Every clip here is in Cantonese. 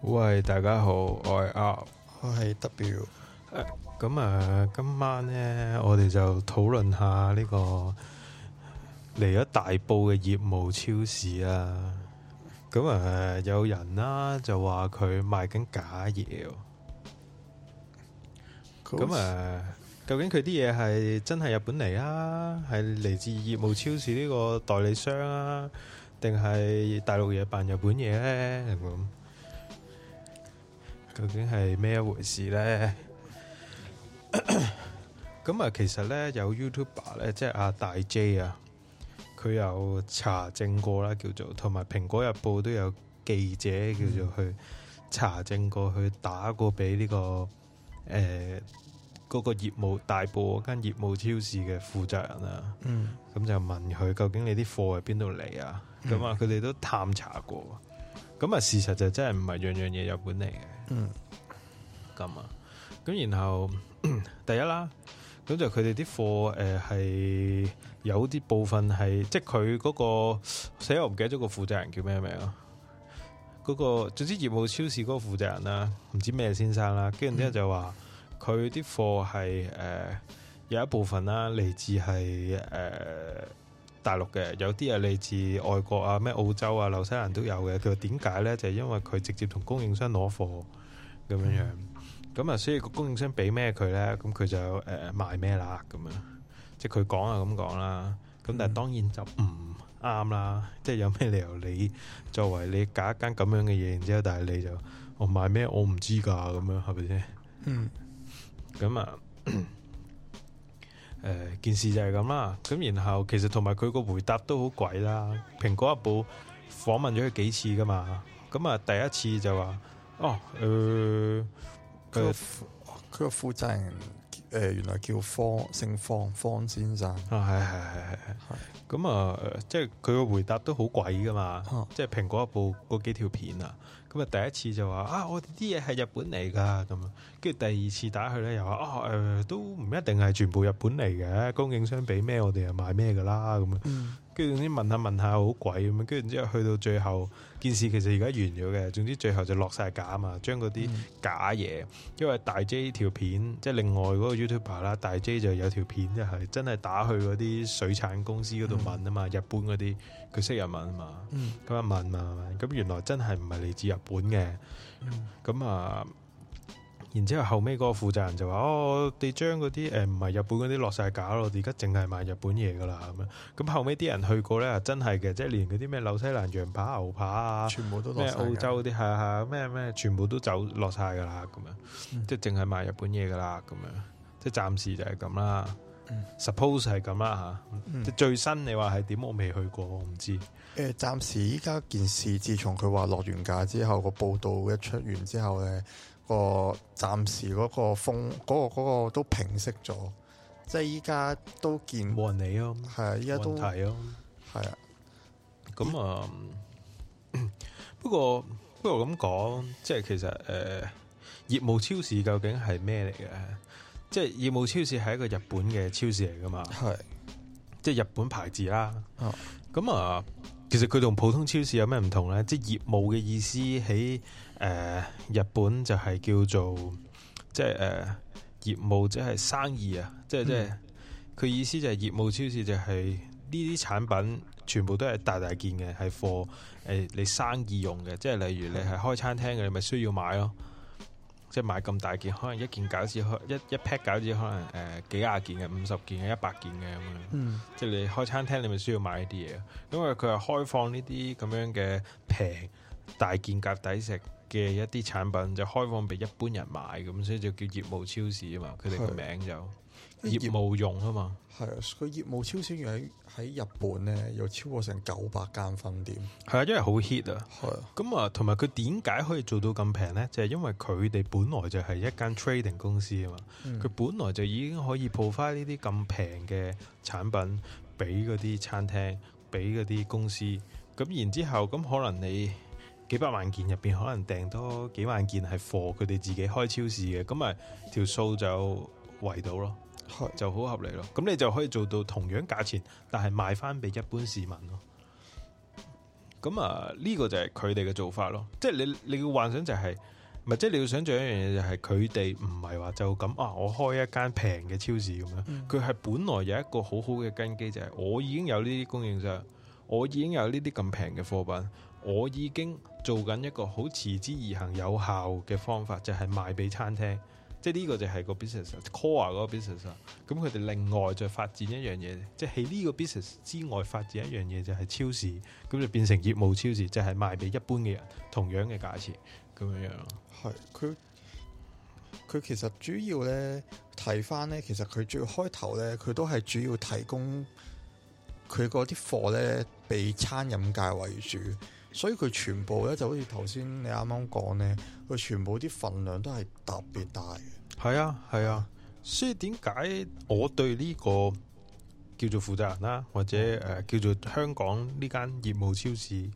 喂，大家好，我係 R，我係 W。咁啊，今晚呢，我哋就討論下呢個嚟咗大埔嘅業務超市啊！咁啊，有人啦就話佢賣緊假嘢。咁啊，究竟佢啲嘢係真係日本嚟啊？係嚟自業務超市呢個代理商啊，定係大陸嘢扮日本嘢呢？咁究竟係咩一回事呢？咁啊，其實呢有 YouTuber 呢，即係阿大 J 啊。佢有查證過啦，叫做同埋《蘋果日報》都有記者叫做去查證過，去打過俾呢、這個誒嗰、呃那個業務大部嗰間業務超市嘅負責人啊。嗯。咁就問佢究竟你啲貨係邊度嚟啊？咁啊、嗯，佢哋都探查過。咁啊，事實就真係唔係樣樣嘢日本嚟嘅。嗯。咁啊，咁然後咳咳第一啦。咁就佢哋啲貨誒係有啲部分係，即係佢嗰個，死我唔記得咗個負責人叫咩名啊，嗰、嗰個總之業務超市嗰個負責人啦，唔知咩先生啦，跟住之後就話佢啲貨係誒有一部分啦嚟自係誒、呃、大陸嘅，有啲係嚟自外國啊，咩澳洲啊、紐西蘭都有嘅。佢話點解咧？就係、因為佢直接同供應商攞貨咁樣樣。嗯。咁啊，所以個供應商俾咩佢咧，咁佢就誒賣咩啦咁樣，即係佢講啊咁講啦。咁但係當然就唔啱啦，即係有咩理由你作為你搞一間咁樣嘅嘢，然之後但係你就哦賣咩我唔知噶咁樣係咪先？嗯，咁啊，誒，件事就係咁啦。咁然後其實同埋佢個回答都好鬼啦。蘋果日報訪問咗佢幾次噶嘛，咁啊第一次就話哦，誒。佢，佢個負責人，誒原來叫方姓方方先生啊，係係係係係。咁啊，即係佢個回答都好鬼噶嘛，啊、即係蘋果部嗰幾條片啊，咁、嗯、啊第一次就話啊我哋啲嘢係日本嚟噶咁啊，跟住第二次打去咧又話啊誒、呃、都唔一定係全部日本嚟嘅，供應商俾咩我哋又買咩噶啦咁啊。嗯跟住啲問下問下好鬼咁，跟住然之後去到最後件事其實而家完咗嘅，總之最後就落晒架啊嘛，將嗰啲假嘢，因為大 J 條片即係另外嗰個 YouTuber 啦，大 J 就有條片就係、是、真係打去嗰啲水產公司嗰度問啊嘛，嗯、日本嗰啲佢識日文啊嘛，咁啊、嗯、問啊問咁原來真係唔係嚟自日本嘅，咁、嗯、啊。然之後後尾嗰個負責人就話：哦，我哋將嗰啲誒唔係日本嗰啲落晒架咯，而家淨係賣日本嘢噶啦咁樣。咁後尾啲人去過咧，真係嘅，即係連嗰啲咩紐西蘭羊扒、牛扒啊，全部都咩澳洲嗰啲係係咩咩，全部都走落晒噶啦咁樣，即係淨係賣日本嘢噶啦咁樣，即係暫時就係咁啦。Suppose 係咁啦嚇，嗯、即最新你話係點？我未去過，我唔知。誒、呃，暫時依家件事，自從佢話落完架之後，個報道一出完之後咧。個暫時嗰個風嗰、嗰個嗰個都平息咗，即係依家都見冇人理咯，係啊，依家都睇題咯，係啊。咁啊，啊，不過不過咁講，即係其實誒、呃，業務超市究竟係咩嚟嘅？即係業務超市係一個日本嘅超市嚟噶嘛？係的，即係日本牌子啦。咁、哦、啊，其實佢同普通超市有咩唔同咧？即係業務嘅意思喺。誒、呃、日本就係叫做即係誒業務即係生意啊！嗯、即係即係佢意思就係業務超市就係呢啲產品全部都係大大件嘅係貨誒你生意用嘅，即係例如你係開餐廳嘅，你咪需要買咯。即係買咁大件，可能一件餃子一一 pack 餃子可能誒、呃、幾廿件嘅，五十件嘅，一百件嘅咁樣。嗯、即係你開餐廳你咪需要買呢啲嘢，因為佢係開放呢啲咁樣嘅平。大件夾抵食嘅一啲產品就開放俾一般人買，咁所以就叫業務超市啊嘛。佢哋個名就的業務用啊嘛。係啊，佢業務超市喺喺日本咧，有超過成九百間分店。係啊，因為好 hit 啊。係啊的。咁啊，同埋佢點解可以做到咁平咧？就係、是、因為佢哋本來就係一間 trading 公司啊嘛。佢、嗯、本來就已經可以鋪翻呢啲咁平嘅產品俾嗰啲餐廳，俾嗰啲公司。咁然之後，咁可能你。幾百萬件入邊，可能訂多幾萬件係貨，佢哋自己開超市嘅，咁咪條數就圍到咯，是就好合理咯。咁你就可以做到同樣價錢，但係賣翻俾一般市民咯。咁啊，呢個就係佢哋嘅做法咯。即係你你要幻想就係、唔係，咪？即係你要想像一樣嘢就係佢哋唔係話就咁啊，我開一間平嘅超市咁樣。佢係、嗯、本來有一個好好嘅根基，就係我已經有呢啲供應商，我已經有呢啲咁平嘅貨品，我已經。做緊一個好持之而行有效嘅方法，就係、是、賣俾餐廳，即係呢個就係個 business core 嗰個 business。咁佢哋另外就發展一樣嘢，即係喺呢個 business 之外發展一樣嘢，就係超市，咁就變成業務超市，就係、是、賣俾一般嘅人，同樣嘅價錢咁樣樣。係佢佢其實主要呢，睇翻呢，其實佢最開頭呢，佢都係主要提供佢嗰啲貨呢，俾餐飲界為主。所以佢全部咧就好似頭先你啱啱講呢，佢全部啲份量都係特別大嘅。係啊，係啊，所以點解我對呢個叫做負責人啦，或者誒、呃、叫做香港呢間業務超市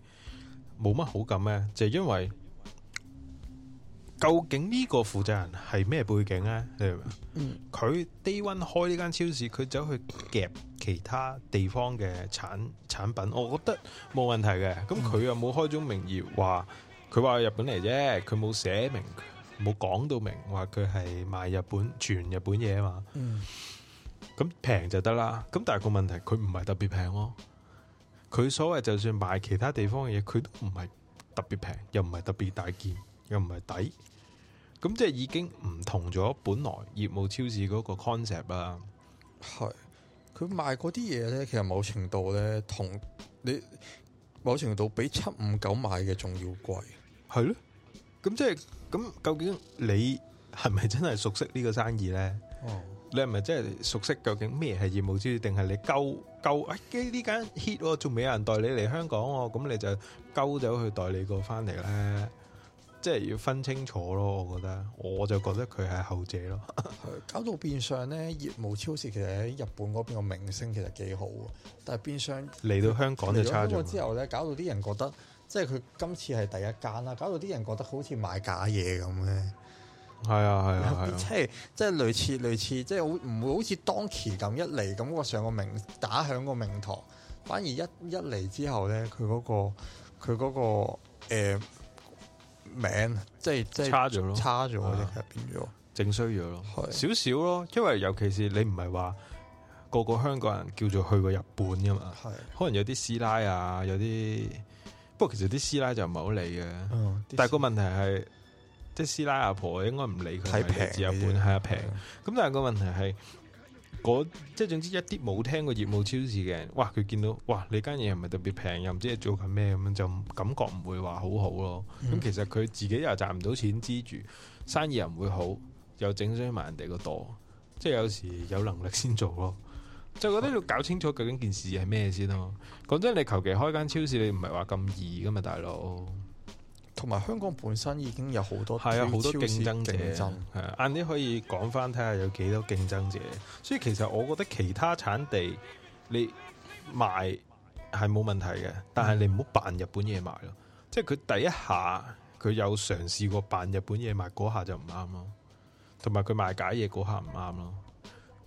冇乜好感呢？就係因為究竟呢個負責人係咩背景呢？你明唔明？嗯，佢 day one 開呢間超市，佢走去夾。其他地方嘅產產品，我覺得冇問題嘅。咁佢又冇開宗明義話，佢話日本嚟啫，佢冇寫明，冇講到明話佢係賣日本全日本嘢啊嘛。嗯。咁平就得啦。咁但係個問題，佢唔係特別平咯。佢所謂就算賣其他地方嘅嘢，佢都唔係特別平，又唔係特別大件，又唔係抵。咁即係已經唔同咗本來業務超市嗰個 concept 啦。係。佢賣嗰啲嘢咧，其實某程度咧，同你某程度比七五九買嘅仲要貴，係囉。咁即係，咁究竟你係咪真係熟悉呢個生意咧？哦，你係咪真係熟悉？究竟咩係業務超市？定係你勾勾？喂，呢間 hit 仲未有人代理嚟香港，咁你就勾走去代理過翻嚟咧？即係要分清楚咯，我覺得，我就覺得佢係後者咯。 搞到變相呢，業務超市其實喺日本嗰邊個名聲其實幾好，但係變相嚟到香港就差咗。到之後呢，搞到啲人覺得，即係佢今次係第一間啦，搞到啲人覺得好似賣假嘢咁呢。係 啊係啊，啊，啊，即係即係類似類似，即係好唔會好似 Donki 咁一嚟，感、那、覺、個、上個名打響個名堂，反而一一嚟之後呢，佢嗰、那個佢嗰、那個、欸名即係差咗咯，差咗，其實變咗，整衰咗咯，少少咯，因為尤其是你唔係話個個香港人叫做去過日本噶嘛，係，可能有啲師奶啊，有啲不過其實啲師奶就唔係好理嘅，但係個問題係即係師奶阿婆應該唔理佢，係平，日本係啊平，咁但係個問題係。我即係總之一啲冇聽過業務超市嘅，人，哇！佢見到哇，你間嘢唔係特別平，又唔知係做緊咩咁樣，就感覺唔會話好好咯。咁、嗯、其實佢自己又賺唔到錢支住，生意又唔會好，又整傷埋人哋個袋。即係有時有能力先做咯。就覺得要搞清楚究竟件事係咩先咯。講真，你求其開間超市，你唔係話咁易㗎嘛，大佬。同埋香港本身已經有好多係啊，好多競爭者。係啊，晏啲的的可以講翻睇下有幾多競爭者。所以其實我覺得其他產地你賣係冇問題嘅，但係你唔好扮日本嘢賣咯。嗯、即係佢第一下佢有嘗試過扮日本嘢賣，嗰下就唔啱咯。同埋佢賣假嘢嗰下唔啱咯。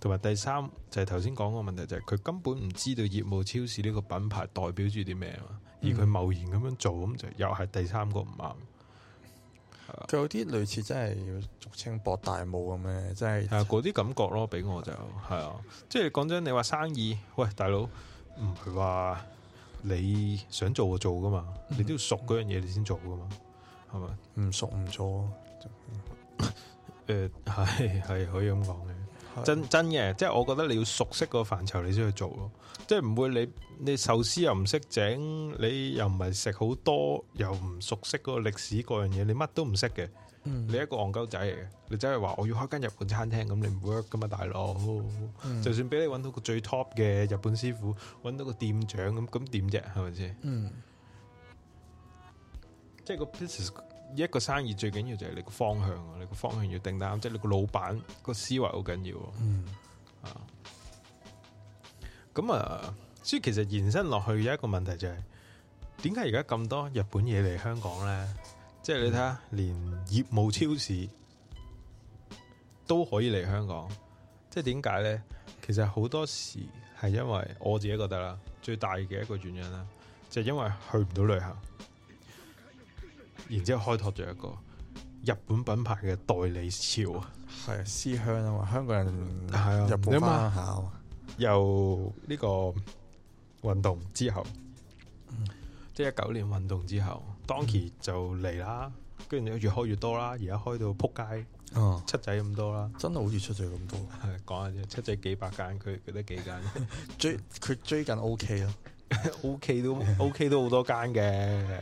同埋第三就係頭先講個問題，就係、是、佢根本唔知道業務超市呢個品牌代表住啲咩啊嘛，而佢貿然咁樣做咁就又、是、係第三個唔啱。佢、嗯、是有啲類似真係俗稱博大霧咁咩？即係係嗰啲感覺咯。俾我就係是啊，即係講真，你話生意喂，大佬唔係話你想做就做噶嘛，嗯、你都要熟嗰樣嘢你先做噶嘛，係咪？唔熟唔做。誒，係係、嗯 呃、可以咁講嘅。真真嘅，即係我覺得你要熟悉個範疇你先去做咯，即係唔會你你壽司又唔識整，你又唔係食好多，又唔熟悉嗰個歷史嗰樣嘢，你乜都唔識嘅，嗯、你一個戇鳩仔嚟嘅，你真係話我要開間日本餐廳咁，你唔 work 噶嘛大佬哦嗯、就算俾你揾到個最 top 嘅日本師傅，揾到個店長咁，咁點啫，係咪先？嗯、即係、嗰個知識。一個生意最緊要就係你個方向，你個方向要定得啱，即係你個老闆個思維好緊要。嗯，咁啊，所以其實延伸落去有一個問題就係、是，點解而家咁多日本嘢嚟香港咧？即、就、係、是、你睇下，嗯、連業務超市都可以嚟香港，即係點解咧？其實好多時係因為我自己覺得啦，最大嘅一個原因啦，就係因為去唔到旅行。然之後開拓咗一個日本品牌嘅代理潮啊，係思鄉啊嘛，香港人係啊，日本翻嘛。由呢個運動之後，即係一九年運動之後，Donkey 就嚟啦。跟住越開越多啦，而家開到撲街，七仔咁多啦。真係好似七仔咁多，講下啫，七仔幾百間，佢佢得幾間。追佢追緊 OK 咯，OK 都 OK 都好多間嘅。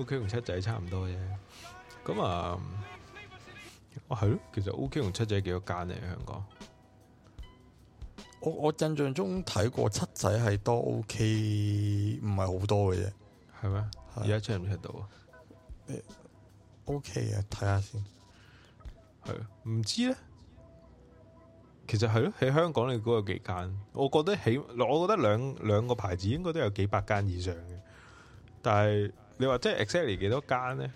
O.K. 同七仔差唔多啫，咁，嗯，啊，哦，係咯。其實 O.K. 同七仔幾多間嚟啊？香港，我我印象中睇過七仔係多 O.K. 唔係好多嘅啫，係咩？而家 check 唔 check 到啊？嗯，O.K. 啊，睇下先，係啊，唔知咧。其實係咯，喺香港你估有幾間？我覺得起，我覺得兩兩個牌子應該都有幾百間以上嘅，但係。你話即係 exactly 幾多間咧？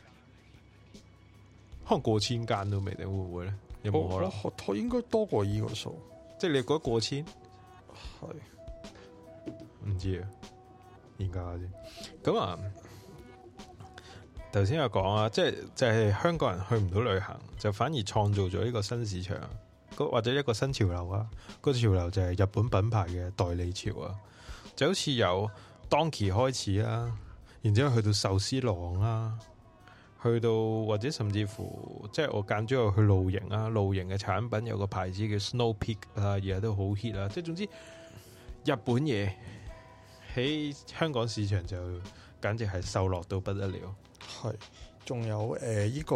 可能過千間都未定，會唔會咧？有冇可能？我我覺得應該多過呢個數，即係你覺得過千係唔是知啊？研究下先咁啊！頭先又講啊，即係就係、是、香港人去唔到旅行，就反而創造咗呢個新市場，個或者一個新潮流啊！個潮流就係日本品牌嘅代理潮啊！就好似由 Donki 開始啊！然之後去到壽司郎啦，啊，去到或者甚至乎，即係我揀咗去露營啊。露營嘅產品有個牌子叫 Snow Peak 啊，而家都好 hit 啊。即係總之，日本嘢喺香港市場就簡直係受落到不得了。係，仲有誒呢、呃呢個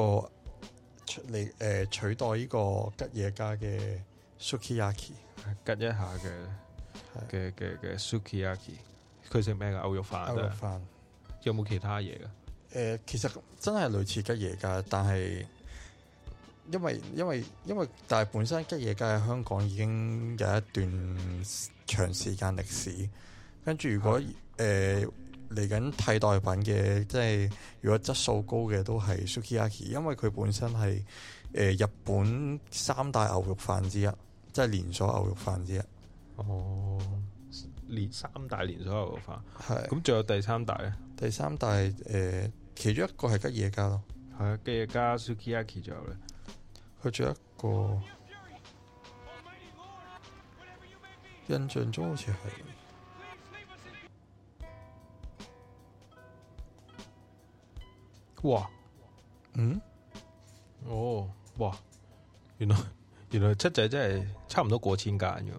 出嚟誒、呃、取代呢個吉野家嘅 Sukiyaki，吉一下嘅嘅嘅嘅 Sukiyaki，佢食咩嘅牛肉飯啊？有冇其他嘢㗎？誒，其實真係類似吉野家，但係因為因為因為但係本身吉野家喺香港已經有一段長時間歷史，跟住如果誒嚟緊替代品嘅，即係如果質素高嘅都係 Sukiyaki，因為佢本身係誒日本三大牛肉飯之一，即係連鎖牛肉飯之一。哦。連三大年所有嘅化，係咁的，仲有第三大咧？第三大誒、呃，其中一個係吉野家咯，係吉野家、Sukiyaki 仲有咧，佢仲有一個印象中好似係哇，嗯，哦，哇，原來原來七仔真係差唔多過千間嘅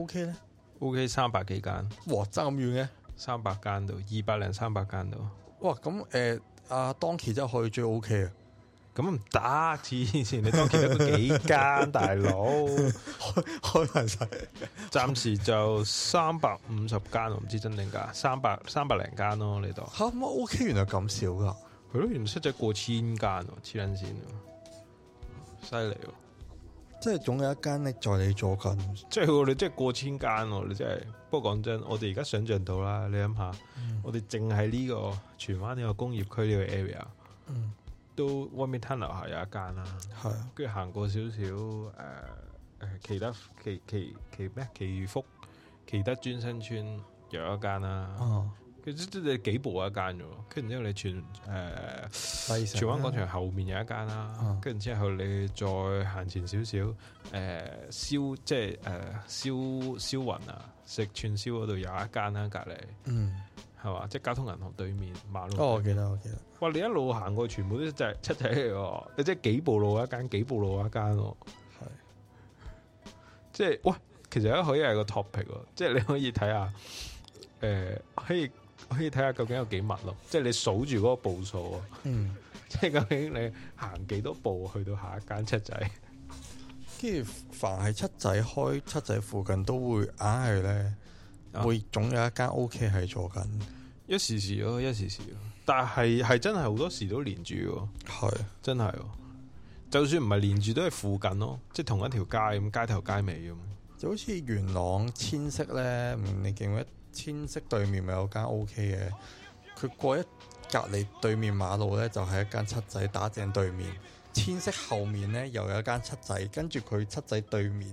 ，OK 咧。O K，三百幾間。Okay，間哇，爭咁遠嘅，三百間到，二百零三百間到。間哇，咁誒，阿 Donkey 真係去最 O K 啊。咁唔得，黐線你 Donkey 得個幾間 大佬開開平曬。暫時就三百五十間，我唔知真定假，三百三百零間咯，你度。吓、啊？咁 O K，原來咁少㗎。佢都 原來出咗過千間，黐撚線。犀利喎！即係總有一間咧在你左近， 即係我哋即係過千間，你真係。不過講真，我哋而家想象到啦，你諗下，嗯、我哋淨係呢個荃灣呢個工業區呢個 area，嗯、都温明灘樓下有一間啦，係跟住行過少少，誒、呃、誒，祈德祈祈祈咩祈福祈德尊新村有一間啦。嗯佢都都你幾步一間啫喎，跟住之後你荃誒荃灣廣場後面有一間啦，啊，跟住之後你再行前少少誒燒，即係誒、呃、燒燒雲啊，食串燒嗰度有一間啦隔離，嗯，係嘛？即係交通銀行對面馬路面，哦，記得我記得。記得哇！你一路行過，全部都就係七仔嚟喎，你 即係幾步路一間，幾步路一間喎，係是。即係，喂，其實可以係個 topic 喎，即係你可以睇下，誒、呃，可以。可以睇下究竟有幾密咯，即係你數住嗰個步數啊！嗯、即係究竟你行幾多步去到下一間七仔？跟住凡係七仔開七仔附近都會挨去咧，總啊、會總有一間 O K 係坐緊、嗯。一時時咯，一時時咯，但係係真係好多時都連住喎，係是的 真係、哦，就算唔係連住都係附近咯，即係同一條街咁，街頭街尾咁。好似元朗千色呢，嗯，你見唔見千色對面咪有間 O K 嘅？佢過一隔離對面馬路呢，就係、是、一間七仔打正對面。千色後面呢，又有一間七仔，跟住佢七仔對面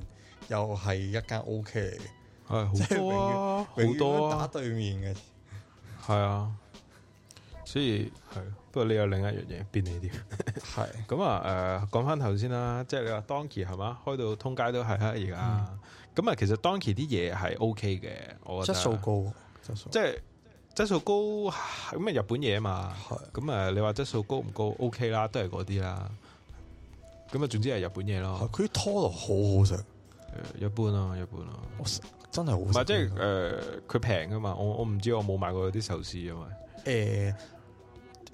又係一間 O K 嚟嘅。係好多、啊，好多、啊、打對面嘅。係啊， 啊，所以係，不過你有另一樣嘢便利啲。係咁啊，誒， 講翻頭先啦，即係、就是、你話 Donkey 係嘛？開到通街都係啊，而家。嗯咁啊，其實當期啲嘢係 O K 嘅，我覺得質素高，質素即係質素高咁啊，日本嘢嘛，咁啊的，你話質素高唔高？OK 啦，都係嗰啲啦。咁啊，總之係日本嘢咯。佢拖落好好食，嗯，一般咯，一般咯，般咯真係好唔係即係誒，佢平㗎嘛，我我唔知我冇買過啲壽司啊嘛，誒、欸，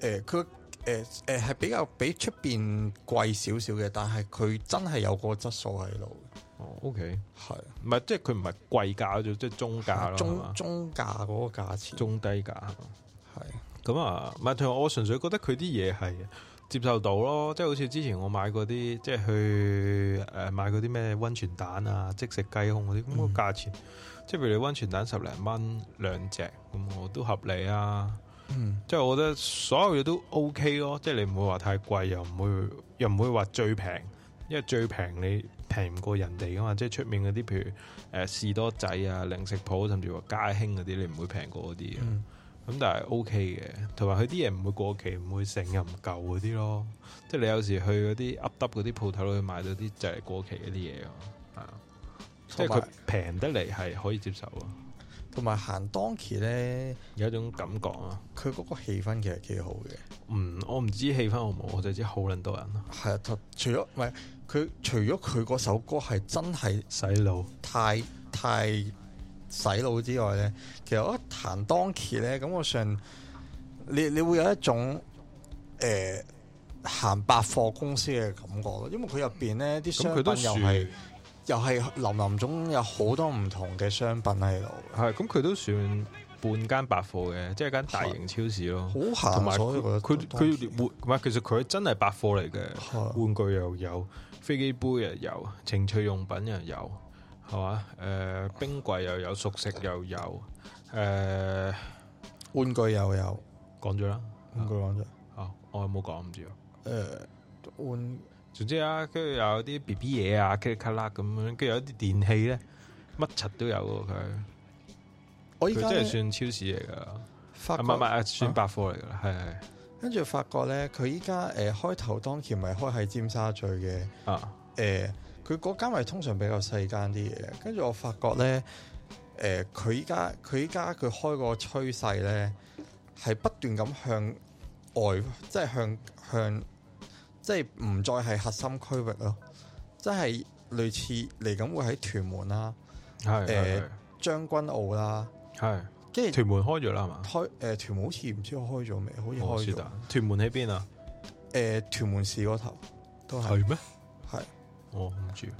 誒、呃，佢誒誒係比較比出邊貴少少嘅，但係佢真係有個質素喺度。哦，OK，係是，唔係即係佢唔係貴價就即係中價咯，中吧中價嗰個價錢，中低價係，咁是啊，唔係我純粹覺得佢啲嘢係接受到咯，即係好似之前我買嗰啲，即係去誒、呃、買啲咩溫泉蛋啊、即食雞胸嗰啲，咁、嗯、個價錢，即係譬如你溫泉蛋十零蚊兩隻，咁我都合理啊，嗯，即係我覺得所有嘢都 OK 咯，即係你唔會話太貴，又唔會又唔會話最平，因為最平你。平唔過人哋噶嘛，即係出面嗰啲譬如誒、呃、士多仔啊、零食鋪，甚至話家興嗰啲，你唔會平過嗰啲嘅。咁、嗯、但係 O K 嘅，同埋佢啲嘢唔會過期，唔會成日唔夠嗰啲咯。即係你有時去嗰啲 Up 嗰啲鋪頭，你買到啲就係過期嗰啲嘢咯。啊，有即係佢平得嚟係可以接受啊。同埋行 Donki 咧，有一種感覺啊。佢嗰個氣氛其實幾好嘅。嗯，我唔知氣氛好唔好，我就知好撚多人咯。係啊，除咗唔係。佢除咗佢嗰首歌係真係洗腦，太太洗腦之外咧，其實我一彈 Donki 咧，咁我上你你會有一種誒行百貨公司嘅感覺咯，因為佢入邊咧啲商品又係又係林林總有好多唔同嘅商品喺度，係咁，佢都算半間百貨嘅，即係間大型超市咯，好行，同埋佢佢其實佢真係百貨嚟嘅，玩具又有。飛機杯又有，情趣用品又有，係嘛？誒、呃，冰櫃又有，熟食又有，誒、呃，玩具又有，講咗啦，玩具講咗，啊，啊，啊，我有冇講唔知咯，誒、呃，玩，總之啊，跟住有啲 B B 嘢啊，Kit Kat 咁樣，跟住有啲電器咧，乜柒都有喎佢，我依家係算超市嚟噶，唔係唔係算百貨嚟噶，係係、啊。跟住發覺呢，佢依家誒開頭當期咪開喺尖沙咀嘅，誒佢嗰間咪通常比較細間啲嘢。跟住我發覺呢，誒佢依家佢依家佢開個趨勢呢，係、呃、不斷咁向外，即係向向，即係唔再係核心區域咯，即係類似嚟緊會喺屯門啦，誒、呃、將軍澳啦，係是。跟住屯門開咗啦，係嘛？開、呃、誒，屯門好似唔知開咗未？好似開咗、哦。屯門喺邊啊？誒、呃，屯門市嗰頭都係咩？係，我唔知。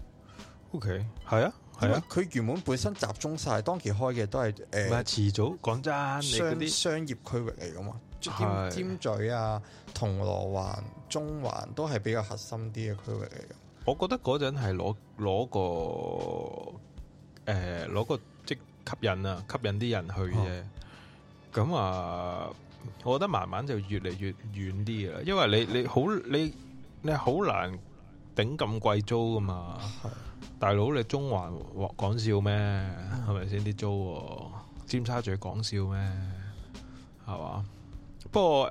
OK，係啊係啊，佢、啊、原本，本本身集中晒，當期開嘅都係誒，遲、呃啊、早講真你商，商商業區域嚟噶嘛？是尖尖咀啊，銅鑼灣、中環都係比較核心啲嘅區域嚟嘅。我覺得嗰陣係攞攞個誒，攞個。吸引啊！吸引啲人去啫。咁、哦、啊，我覺得慢慢就越嚟越遠啲啦。因為你你好，你你好難頂咁貴租噶嘛。係，大佬你中環講笑咩？係咪先啲租？嗯、尖沙咀講笑咩？係嘛？不過誒，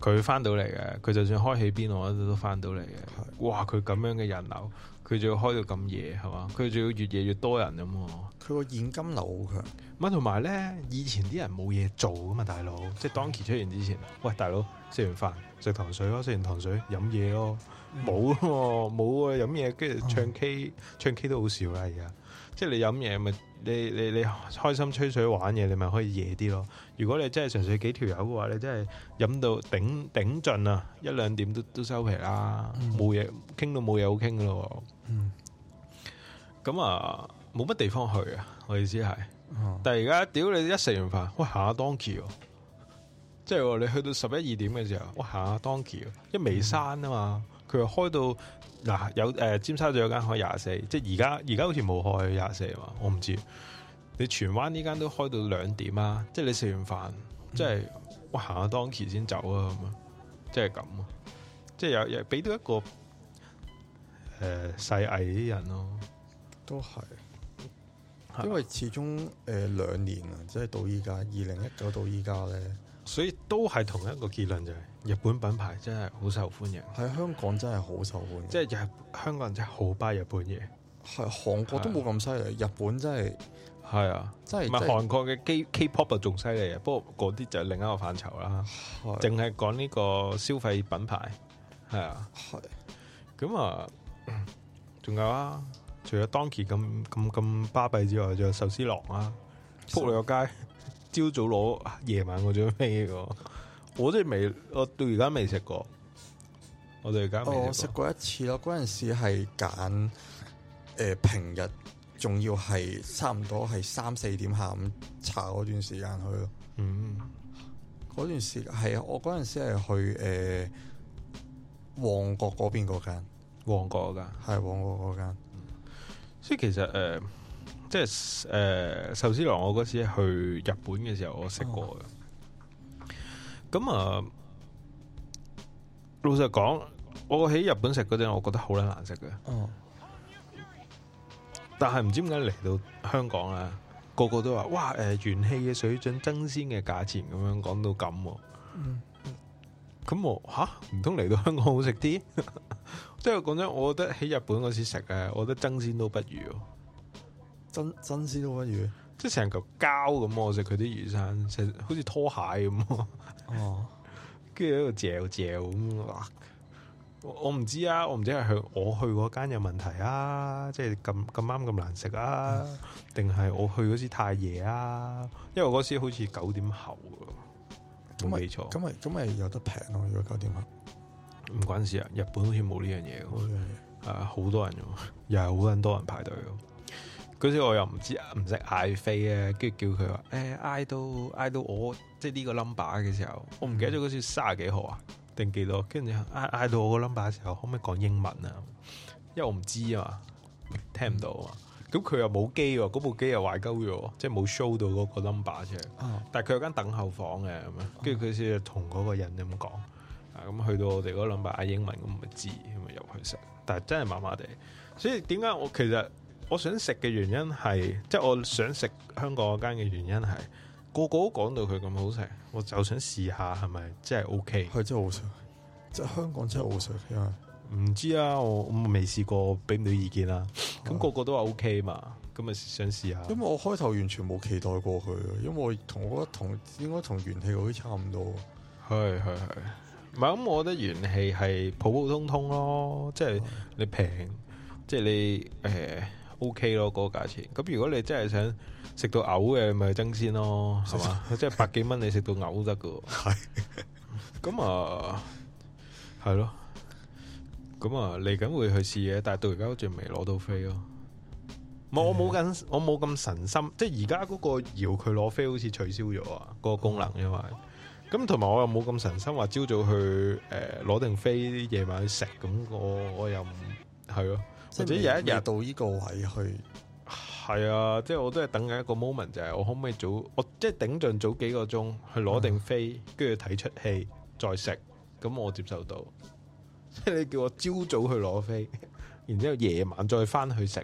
佢、呃、翻到嚟嘅，佢就算開喺邊我都都翻到嚟嘅。係、哇！佢咁樣嘅人流。佢仲要開到咁夜係嘛？佢仲要越夜越多人咁喎。佢個現金流好強。乜同埋咧？以前啲人冇嘢做噶嘛，大佬。即係 Donkey 出現之前，喂，大佬食完飯食糖水咯，食完糖水飲嘢咯，冇喎，冇 啊，飲嘢跟住唱 K，oh. 唱 K 都好少啦而家。即係你飲嘢咪你你你，你開心吹水玩嘢你咪可以夜啲咯。如果你真係純粹幾條友嘅話，你真係飲到頂頂盡啊，一兩點都都收皮啦，冇嘢傾到冇嘢好傾㗎咯。嗯。咁、嗯、啊，冇乜地方去啊。我意思係，嗯、但係而家屌你一食完飯，哇行吓當 key 即係你去到十一二點嘅時候，哇行吓當 key 一眉山啊嘛。嗯佢話開到嗱、啊、有誒、呃、尖沙咀有間開廿四，即係而家而家好似冇開廿四嘛？我唔知。你荃灣呢間都開到兩點啊！即係你食完飯，嗯、即係我行下當期先走啊！咁啊，即係咁啊，即係有有俾到一個誒細藝啲人咯，都係。因為始終誒、呃、兩年啊，即係到依家二零一九到依家咧，所以都係同一個結論就係、是。日本品牌真係好受歡迎，喺香港真係好受歡迎，即係日香港人真係好巴日本嘢，係韓國都冇咁犀利，是日本真係係啊，即係唔係韓國嘅 K-pop 就仲犀利啊，不過嗰啲就係另一個範疇啦，淨係講呢個消費品牌係啊，係咁是啊，仲有啊，除咗 Donkey 咁咁咁巴閉之外，仲有壽司郎啊，仆你個司街，朝 早攞，夜、啊、晚我仲要飛我哋未，我到而家未食過。我哋而家未食過一次咯。嗰陣時係揀誒平日，仲要係差唔多係三四點下午茶嗰段時間去咯。嗯，嗰段時係我嗰陣時係去誒、呃、旺角嗰邊嗰間旺角嗰間，係旺角嗰間。所以其實誒、呃，即係誒壽司郎，我嗰次去日本嘅時候我，我食過嘅。咁啊，老實講，我喺日本食嗰陣，我覺得好難食嘅。嗯。但係唔知點解嚟到香港啊，個個都話，哇，誒，元氣嘅水準，爭鮮嘅價錢，咁樣講到咁，啊。嗯。咁我吓唔通嚟到香港好食啲？即係講真，我覺得喺日本嗰時食嘅，我覺得爭鮮都不如。爭爭鮮都不如？即係成嚿膠咁，我食佢啲魚生，成好似拖鞋咁。哦，跟住喺度嚼嚼咁，我唔知啊，我唔知係去我去嗰間有問題啊，即係咁咁啱咁難食啊，定係、啊、我去嗰時太夜啊？因為嗰時好似九點後喎，冇錯，咁咪咁咪有得平咯、啊？如果九點後，唔關事啊。日本好似冇呢樣嘢嘅，係、嗯、啊，好多人，又係好多人排隊。嗰時我又唔知唔識嗌飛咧、啊，跟住叫佢話：誒、欸、I 到 I 到我即係呢個 number 嘅時候，我唔記得咗嗰、嗯、時卅幾號啊，定幾多？跟住嗌 I 到我個 number 嘅時候，可唔可以講英文啊？因為我唔知啊嘛，聽唔到啊嘛。咁佢、嗯、又冇機喎，嗰部機又壞鳩咗，即係冇 show 到嗰個 number 啫。嗯、但係佢有間等候房嘅，咁樣就跟住佢先同嗰個人咁講。咁、啊、去到我哋嗰 number 嗌英文，咁唔知咁咪入去食。但係真係麻麻地，所以點解我其實？我想食嘅原因係，即係我想食香港嗰間嘅原因係，個個都講到佢咁好食，我就想試下係咪真係 OK。係，OK，真好食，即係香港真係好食啊！唔知啊，我我未試過，俾唔到意見啦，啊。咁，個個都話 OK 嘛，咁咪想試下因。因為我開頭完全冇期待過佢，因為我同我覺得同應該同元氣嗰啲差唔多。係係係，唔係咁，我覺得元氣係普普通通咯，即係你平，即係你誒。欸 O K 咯，嗰個價錢。咁如果你真係想食到嘔嘅，咪爭鮮咯，係嘛？ 即係百幾蚊，你食到嘔得噶。係。咁啊，係咯。咁啊，嚟緊會去試嘅，但係到而家好似未攞到飛咯。唔、嗯，我冇咁，我冇咁神心。即係而家嗰個搖佢攞飛好似取消咗啊，嗰 個功能因為。咁同埋我又冇咁神心，話朝早去誒攞定飛，夜、呃、晚去食。咁我我又唔係咯。或者有一日到呢個位去，係 啊，即係我都係等緊一個 moment 就係，我可唔可以早，我即係頂盡早幾個鐘去攞定飛，跟住睇出戲再食，咁我接受到。 即係你叫我朝早去攞飛，然之後夜晚再翻去食，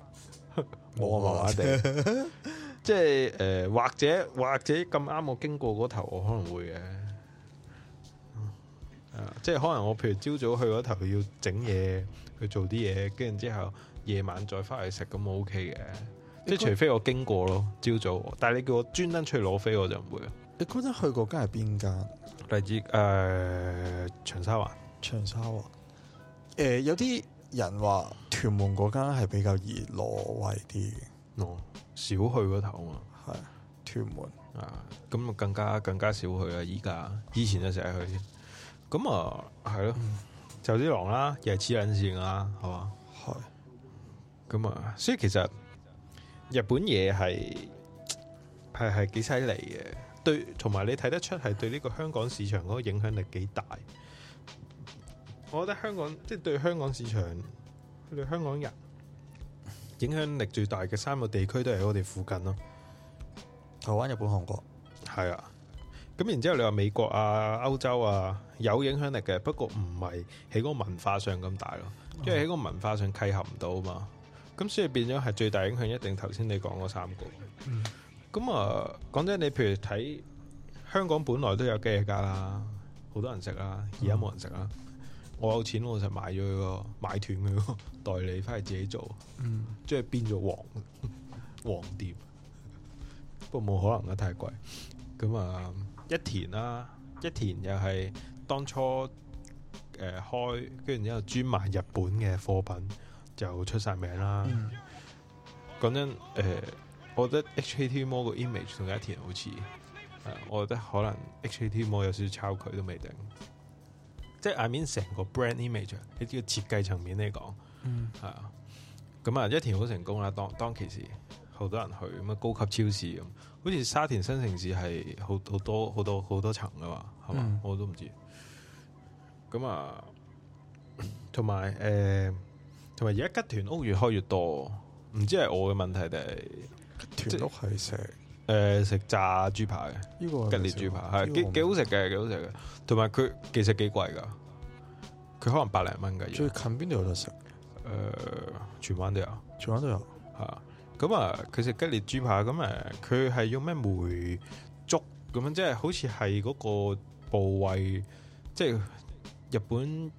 哦、 我麻麻地。 即係誒、呃，或者或者咁啱我經過嗰頭，我可能會嘅。即係可能我譬如朝早去嗰頭要整嘢去做啲嘢，跟住之後夜晚再翻去食咁，我 OK 嘅。即係除非我經過咯，朝早。但係你叫我專登出去攞飛，我就唔會啦。你覺得去過間係邊間？例如誒，長沙灣，長沙灣。誒、呃，有啲人話屯門嗰間係比較易攞位啲嘅。哦，少去嗰頭啊。係屯門。啊、嗯，咁啊更加更加少去啊！依家以前就成日去。嗯咁啊，係咯，就啲狼啦、啊，又係黐撚線啦、啊，係嘛，係咁啊。所以其實日本嘢係係係幾犀利嘅，對，同埋你睇得出係對呢個香港市場嗰個影響力幾大。我覺得香港即係、就是、對香港市場，對香港人影響力最大嘅三個地區都係喺我哋附近咯，台灣、日本、韓國係啊。咁然之後你話美國啊、歐洲啊。有影響力嘅，不過唔係喺嗰個文化上咁大咯，嗯、因為喺嗰個文化上契合唔到啊嘛。咁所以變咗係最大影響，一定頭先你講嗰三個。咁、嗯、啊，講真，你譬如睇香港本來都有吉野家啦，好多人食啦，而家冇人食啦。嗯、我有錢我就買咗佢、嗰個，買斷佢，代理翻嚟自己做，即係、嗯、變咗黃黃店。不過冇可能啊，太貴。咁啊，一田啦、啊，一田又、就、係、是。當初誒、呃、開，跟然之後專賣日本嘅貨品就出晒名啦。講、嗯、真誒、呃，我覺得 HAT 魔個 image 同一田好似，啊，我覺得可能 HAT 魔有少少抄佢都未定。即係 I mean 成個 brand image，你叫設計層面嚟講，係、嗯、啊。咁啊，一田好成功啦。當當其時好多人去，咁啊高級超市咁，好似沙田新城市係好好多好多好多層噶嘛，係嘛？嗯、我都唔知。咁啊，同埋誒，同埋而家吉豚屋越開越多，唔知係我嘅問題定係吉豚屋係食誒食炸豬扒嘅呢個吉列豬扒係幾沒幾好食嘅，幾好食嘅。同埋佢其實幾貴噶，佢可能百零蚊嘅。最近邊度有得食？誒、呃，荃灣都有，荃灣都有係咁啊，佢食、嗯嗯嗯、吉列豬扒咁誒，佢係用咩梅竹咁樣，即係好似係嗰個部位，即係。日本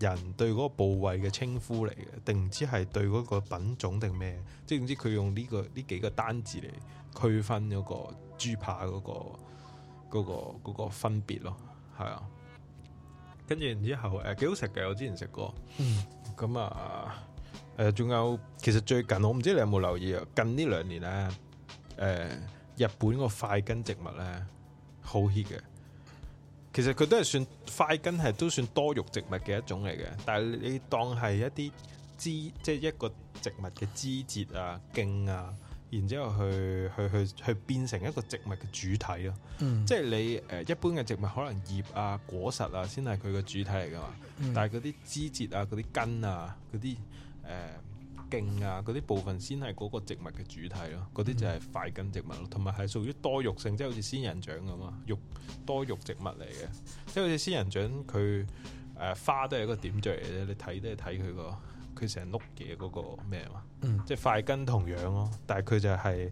人對嗰個部位嘅稱呼嚟嘅，定唔知係對嗰個品種定咩？即係唔知佢用呢、呢個呢幾個單字嚟區分嗰個豬扒嗰、嗰個嗰、嗰個嗰個、分別咯，係啊。跟住然之後誒幾、呃、好食嘅，我之前食過。咁、嗯、啊誒，仲、呃、有其實最近我唔知你有冇留意啊，近呢兩年咧誒、呃，日本個塊根植物咧好 hit 嘅。其實佢都係算塊根係都算多肉植物嘅一種嚟嘅，但係你當係一啲枝，即係一個植物嘅枝節啊、莖啊，然之後去去去去變成一個植物嘅主體咯、啊。嗯，即係你誒一般嘅植物可能葉啊、果實啊先係佢嘅主體嚟㗎嘛，但係嗰啲枝節啊、嗰啲根啊、嗰啲誒。呃勁啊！嗰啲部分先係嗰個植物嘅主題咯，嗰啲就係塊根植物咯，同埋係屬於多肉性，即係好似仙人掌咁啊，肉多肉植物嚟嘅，即係好似仙人掌佢誒花都係一個點著嚟啫，你睇都係睇佢個佢成碌嘢嗰個咩嘛？嗯，即係塊根同樣咯，但係佢就係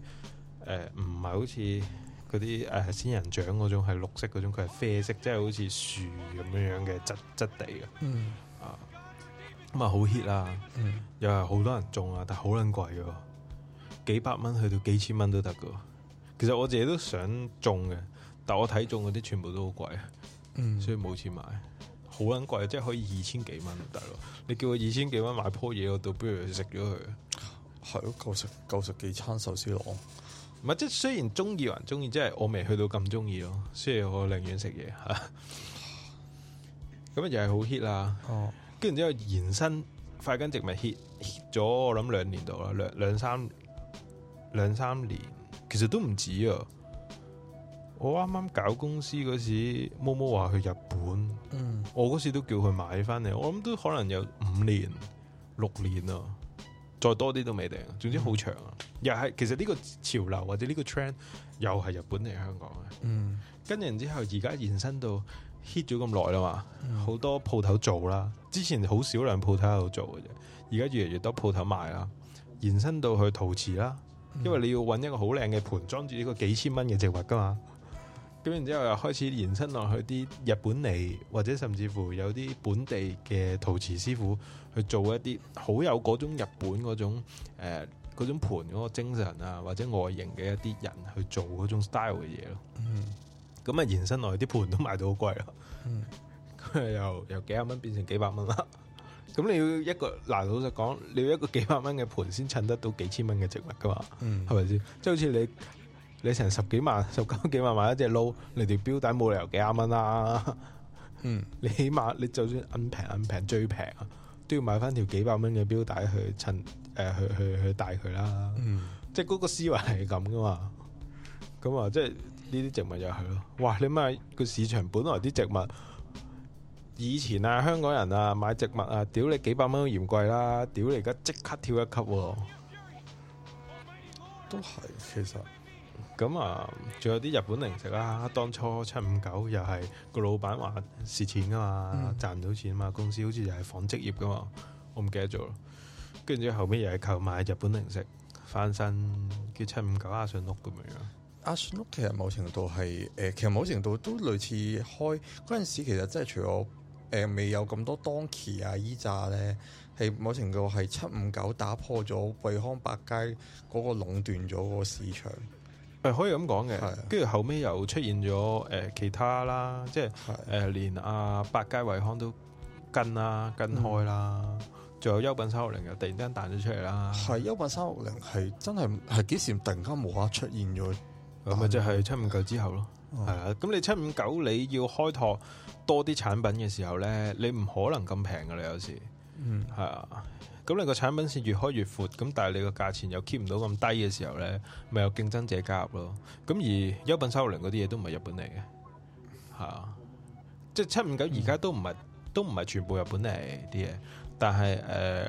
誒唔係好似嗰啲誒仙人掌嗰種係綠色嗰種，佢係啡色，即係好似樹咁樣樣嘅質質地啊。嗯。咁啊好 hit 啦，嗯、又係好多人中啊，但係好捻貴嘅，幾百蚊去到幾千蚊都得嘅。其實我自己都想中嘅，但我睇中嗰啲全部都好貴，嗯、所以冇錢買，好捻貴，即係可以二千幾蚊。大佬，你叫佢二千幾蚊買鋪嘢，我倒不如食咗佢，係咯，夠食夠食幾餐壽司郎！唔係，即係雖然中意還中意，即係我未去到咁中意咯。雖然我寧願食嘢吓，咁、啊 嗯、又係好 hit 啦。哦跟住之後延伸快耕植物 hit hit 咗，我諗兩年度啦，兩兩三兩三年，其實都唔止啊！我啱啱搞公司嗰時，毛毛話去日本，嗯、我嗰時都叫佢買翻嚟，我諗都可能有五年六年啊，再多啲都未定。總之好長啊！嗯、又係其實呢個潮流或者呢個 trend 又係日本嚟香港嘅，跟住然之後而家延伸到。hit 咗咁耐啦嘛，好、mm. 多鋪頭做啦，之前好少量鋪頭喺度做嘅啫，而家越嚟越多鋪頭賣啦，延伸到去陶瓷啦，mm. 因為你要揾一個好靚嘅盤裝住呢個幾千蚊嘅植物噶嘛，咁然之後又開始延伸落去啲日本嚟，或者甚至乎有啲本地嘅陶瓷師傅去做一啲好有嗰種日本嗰種誒嗰、呃、種盤嗰個精神啊或者外形嘅一啲人去做嗰種 style 嘅嘢咯。Mm. 咁啊，延伸落去啲盤都賣到好貴咯。嗯，佢又由幾廿蚊變成幾百蚊啦。咁你要一個嗱，老實講，你要一個幾百蚊嘅盤先襯得到幾千蚊嘅植物噶嘛？嗯，係咪先？即係好似你你成十幾萬、十九幾萬買一隻撈，你條錶帶冇理由幾廿蚊啦。嗯，你起碼你就算恩平恩平最平啊，都要買翻條幾百蚊嘅錶帶去襯誒，去去去帶佢啦。嗯，即係嗰個思維係咁噶嘛。咁啊，即係。呢啲植物又係咯，哇！你咪個市場本來啲植物以前啊，香港人啊買植物啊，屌你幾百蚊都嫌貴啦，屌你而家即刻跳一級喎、啊，都係其實咁啊，仲有啲日本零食啦、啊，當初七五九又係個老闆話蝕錢㗎嘛，嗯、賺唔到錢嘛，公司好似又係紡織業㗎嘛，我唔記得咗，跟住後尾又係購買日本零食翻身，叫七五九阿信屋咁樣。阿信屋其實某程度係誒、呃，其實某程度都類似開嗰陣時，其實即係除咗誒、呃、未有咁多 Donkey 啊依炸咧，係某程度係七五九打破咗惠康百佳嗰個壟斷咗個市場，誒、呃、可以咁講嘅。跟住、啊、後尾又出現咗誒、呃、其他啦，即係誒、啊呃、連阿百佳惠康都跟啊跟開啦，仲、嗯、有優品三六零又突然間彈咗出嚟啦。係優品三六零係真係係幾時突然間冇啦出現咗？咁咪就係七五九之後咯，係啊、哦。咁你七五九你要開拓多啲產品嘅時候咧，你唔可能咁平噶，你有時，嗯係啊。咁你個產品線越開越闊，咁但係你個價錢又 keep 唔到咁低嘅時候咧，咪有競爭者加入咯。咁而優品三六零嗰啲嘢都唔係日本嚟嘅，係啊。即係七五九而家都唔係、嗯、都唔係全部日本嚟啲嘢，但係誒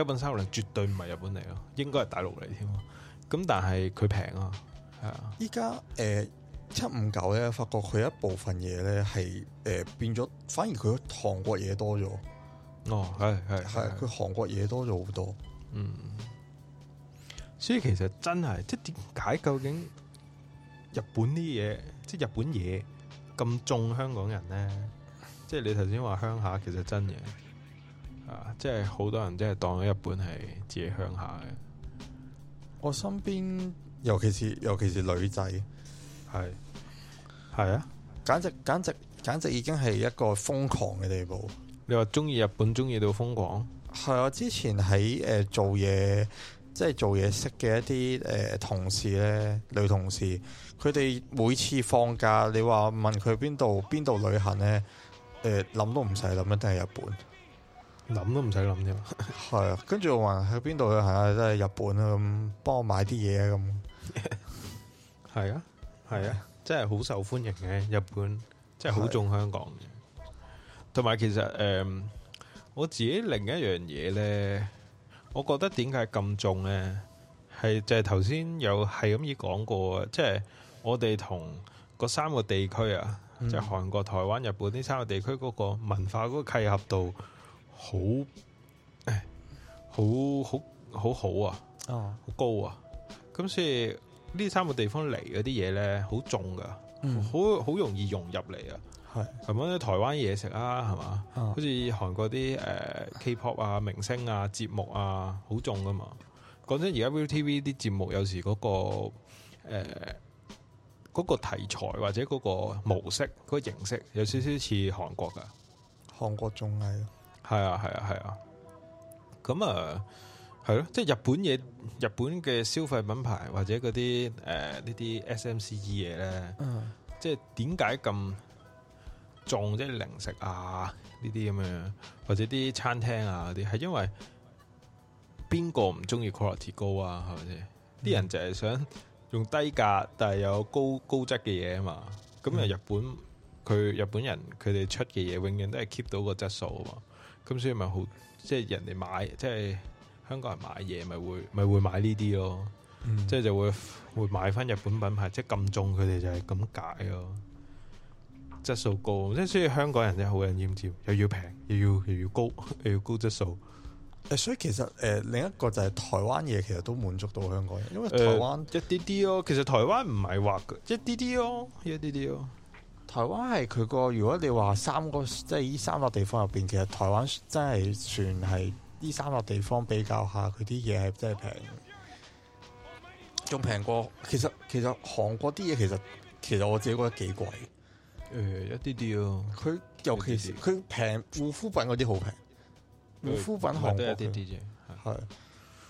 優品三六零絕對唔係日本嚟咯，應該係大陸嚟添。咁、嗯、但係佢平啊。依家誒七五九咧，發覺佢一部分嘢咧係誒變咗，反而佢韓國嘢多咗。哦，係係係，佢韓國嘢多咗好多。嗯，所以其實真係，即係點解究竟日本啲嘢，即係日本嘢咁重香港人咧？即係你頭先話鄉下其實真嘅，啊，即係好多人即係當咗日本係自己鄉下嘅。我身邊。尤其是尤其是女仔，係係啊，簡直簡直簡直已經係一個瘋狂嘅地步。你話中意日本中意到瘋狂？係啊，之前喺誒、呃、做嘢，即係做嘢識嘅一啲誒、呃、同事咧，女同事，佢哋每次放假，你話問佢邊度邊度旅行咧，誒、呃、諗都唔使諗，一定係日本，諗都唔使諗添。係啊， 跟住我話去邊度旅行啊，都係日本啊，咁，幫我買啲嘢啊，咁。係 啊，係啊，真係好受歡迎嘅。日本真係好中香港嘅。同埋是其實誒、呃，我自己另一樣嘢呢，我覺得點解咁重呢？係就係頭先有係咁樣講過，即、就、係、是、我哋同嗰三個地區啊，嗯、就係韓國、台灣、日本呢三個地區嗰個文化嗰個契合度好，好，好好好好啊，好、哦、高啊。咁所以呢三個地方嚟嗰啲嘢咧，好重噶，好好、嗯、容易融入嚟啊。係是，咁樣啲台灣嘢食啊，係嘛？嗯、好似韓國啲誒、呃、K-pop 啊、明星啊、節目啊，好重噶嘛。講真，而家 ViuTV 啲節目有時嗰、嗰個誒嗰、呃嗰個、題材或者嗰個模式、嗰、嗰個形式有點點，有少少似韓國噶。韓國綜藝。係啊，係啊，係啊。咁啊。係咯，即係日本嘢，日本嘅消費品牌或者嗰啲誒呢啲 S.M.C.E 嘢咧，uh huh. 即係點解咁撞？即、即係、零食啊？呢啲咁樣，或者啲餐廳啊嗰啲，係因為邊個唔中意 quality 高啊？係咪先？啲、mm hmm. 人就係想用低價但係又有高高質嘅嘢啊嘛。咁啊日本佢、mm hmm. 日本人佢哋出嘅嘢永遠都係 keep 到個質素啊嘛。咁所以咪好即係人哋買即係。香港人買嘢咪會咪會買呢啲咯，嗯、即係就會會買翻日本品牌，即係咁重佢哋就係咁解咯，質素高，即係所以香港人真係好厭尖，又要平又要又要高又要高質素。誒、呃，所以其實誒、呃、另一個就係台灣嘢，其實都滿足到香港人，因為台灣、呃、一啲啲咯。其實台灣唔係話一啲啲咯，一啲啲咯。一些一些哦、台灣係佢個，如果你話三個，即係呢三個地方入邊，其實台灣真係算係。呢三個地方比較下佢啲嘢係真係平，仲平過。其實其實韓國啲嘢其實其實我自己覺得幾貴。誒、呃、一啲啲咯，佢尤其是佢平護膚品嗰啲好平。護膚對品韓國一啲啲啫，係。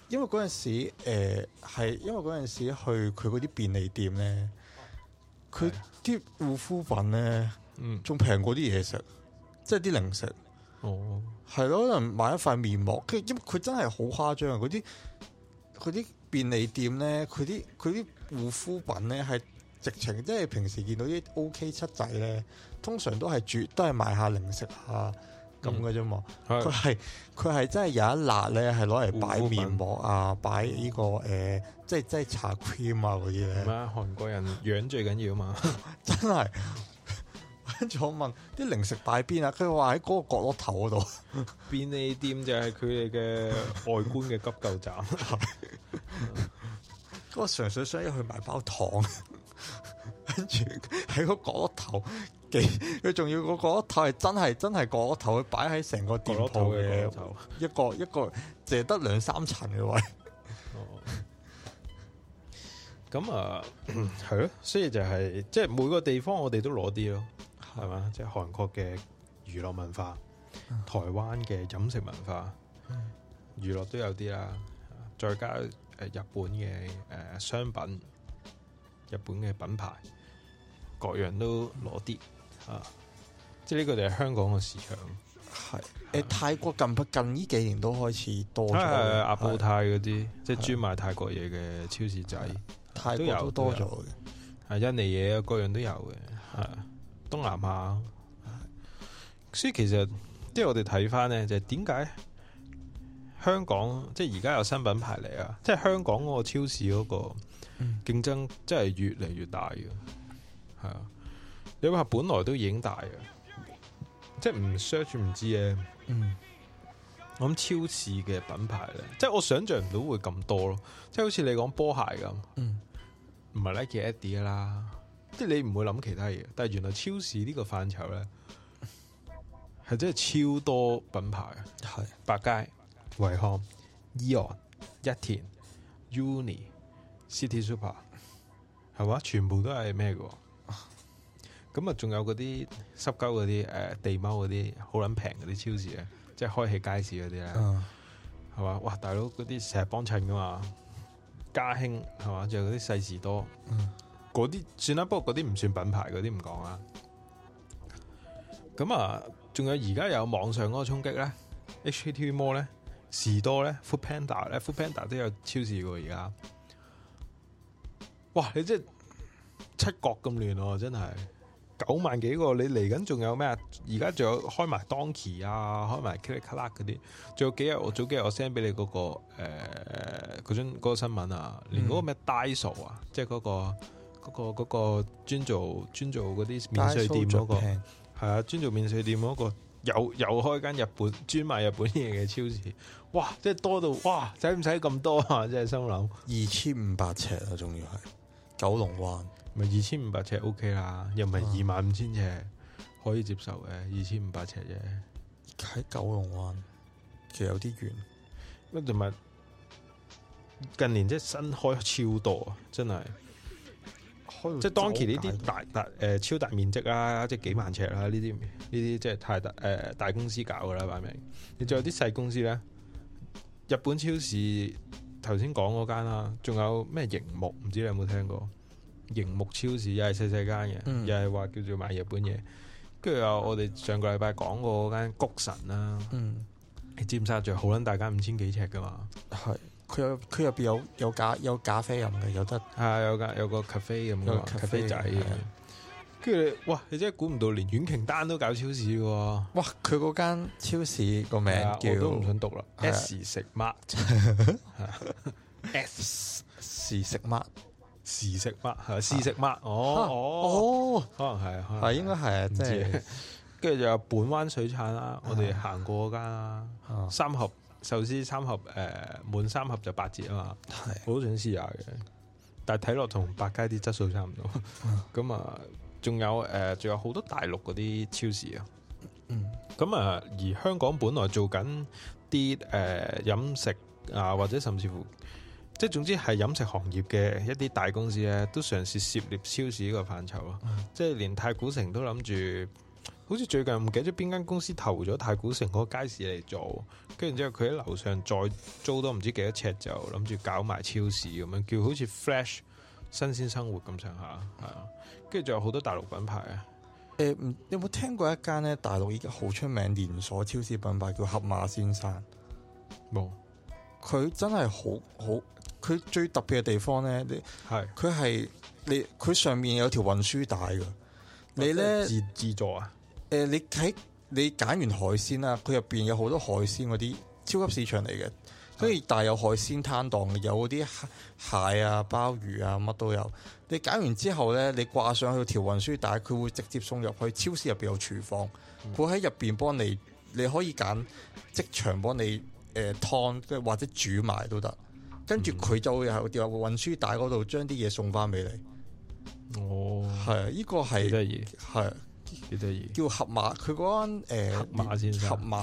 因為嗰陣時誒係、呃、因為嗰陣時去佢嗰啲便利店咧，佢啲護膚品咧，仲平、嗯、過啲嘢食，即係啲零食。哦，係咯，可能買一塊面膜，跟住因佢真係好誇張，啊。啲嗰啲便利店咧，佢啲佢啲護膚品咧係直情，即係平時見到啲 O K 七仔咧，通常都係絕都係買下零食啊。咁嘅啫嘛。佢係佢係真係有一辣咧，係攞嚟擺面膜啊，擺呢、這個誒、呃，即係即係搽 cream 啊嗰啲咧。唔係，韓國人樣最緊要嘛， 真係。跟住我問啲零食擺邊啊？佢話喺嗰個角落頭嗰度，便利店就係佢哋嘅外觀嘅急救站。咁我純粹想入去買包糖，跟住喺個角落頭幾佢仲要個角落頭係真係真係角落頭，佢擺喺成個店鋪嘅一個一個淨係得兩三層嘅位。咁啊，係咯，所以就係即係每個地方我哋都攞啲咯。係嘛， 即係韓國嘅娛樂文化，台灣嘅飲食文化，娛樂都有啲啦。再加誒日本嘅誒商品，日本嘅品牌，各樣都攞啲、嗯、啊！即係呢個就係香港嘅市場。係誒是，是泰國近不近？呢幾年都開始多咗。阿布、啊、泰嗰啲，是即係專賣泰國嘢嘅超市仔，泰國都多咗嘅。係印尼嘢，各樣都有嘅。係。東南亞，所以其實即係我哋睇翻咧，就係點解香港即係而家有新品牌嚟啊！即係香港嗰個超市嗰個，嗯，競爭真係越嚟越大嘅，係啊！你話本來都已經大嘅，即係唔 search 唔知嘅，嗯，咁超市嘅品牌咧，即係我想象唔到會咁多咯，即係好似你講波鞋咁，嗯，唔係 Nike、Adidas 啦。即係你唔會諗其他嘢，但係原來超市呢個範疇咧，係真係超多品牌，係百佳、惠康、Eon、一田、Uni、City Super，係嘛？全部都係咩嘅？咁啊，仲有嗰啲濕鳩嗰啲，誒、呃，地踎嗰啲，好撚平嗰啲超市啊，即係開喺街市嗰啲啦，係嘛？哇，大佬嗰啲成日幫襯噶嘛，家興係嘛？仲有嗰啲細士多。嗯嗰啲算啦，不過嗰啲唔算品牌，嗰啲唔講啦。咁啊，仲有而家有網上嗰個衝擊咧，H a m d T 摩咧，士多咧，Food Panda 咧，Food Panda 都有超市喎。而家哇，你真七國咁亂哦，真係九萬幾個你嚟緊，仲有咩？而家仲有開埋 Donkey 啊，開埋 Kilikala 嗰啲，仲有幾日我早幾日我 send 俾你嗰、那個誒，嗰、呃、張、那個新聞啊，連嗰個咩 Daiso 啊，即係嗰個。嗰個嗰個專做專做嗰啲免稅店嗰個係啊，專做免稅店嗰個又又開間日本專賣日本嘢嘅超市，哇！即係多到哇，使唔使咁多啊？即係心諗二千五百尺啊，仲要係九龍灣咪二千五百尺 OK 啦，又唔係二萬五千尺可以接受嘅，二千五百尺啫。喺九龍灣其實有啲遠，乜同埋近年即係新開超多啊，真係。即係當期呢啲大大誒、呃、超大面積啦，即係幾萬尺啦，呢啲呢啲即係太大誒、呃、大公司搞噶啦，擺明。你仲有啲細公司咧，日本超市頭先講嗰間啦，仲有咩熒幕唔知你有冇聽過？熒幕超市四四間，嗯、又係細細間嘅，又係話叫做賣日本嘢。跟住有我哋上個禮拜講過嗰間谷神啦，嗯，尖沙咀好撚、嗯、大間，五千幾尺噶嘛。係、嗯。佢有佢入邊有有咖有咖啡飲嘅，有得係有咖有個咖啡咁，有個咖啡仔。跟住你，哇，你真係估唔到連遠瓊丹都搞超市嘅。哇！佢嗰間超市個名叫，都唔想讀啦。S 食乜？S 食乜？是食乜？係是食乜？哦哦可能係，係應該係，即係。跟住就有本灣水產啦，我哋行過嗰間三合。壽司三盒，誒、呃、滿三盒就八折啊嘛，我都的想試下嘅。但睇落同百佳啲質素差唔多，咁啊仲有誒仲、呃、有好多大陸嗰啲超市啊，咁啊、嗯、而香港本來做緊啲誒飲食啊，或者甚至乎即係總之係飲食行業嘅一啲大公司咧，都嘗試涉獵超市呢個範疇啊，嗯、即係連太古城都諗住。好似最近唔記得邊間公司投咗太古城嗰個街市嚟做，跟住之後佢喺樓上再租都唔知幾多尺，就諗住搞埋超市咁樣，叫好似 flash 新鮮生活咁上下，係啊。跟住仲有好多大陸品牌啊。誒、欸，你有冇聽過一間咧大陸已經好出名連鎖超市品牌叫盒馬先生？冇。佢、嗯、真係好好，佢最特別嘅地方咧，係佢係你佢上面有條運輸帶噶，你咧呢自自助啊。誒、呃、你睇你揀完海鮮啦，佢入邊有好多海鮮嗰啲超級市場嚟嘅，所以大有海鮮攤檔有啲蟹啊、鮑魚啊乜都有。你揀完之後呢，你掛上去條運輸帶，佢會直接送入去超市入邊有廚房，佢喺入邊幫你，你可以揀即場幫你誒燙、呃、或者煮埋都得。跟住佢就會喺條運輸帶嗰度將啲嘢送翻俾你。哦，係，依、這個係幾得意，係。幾得意，叫盒馬佢嗰間誒，盒、呃、盒馬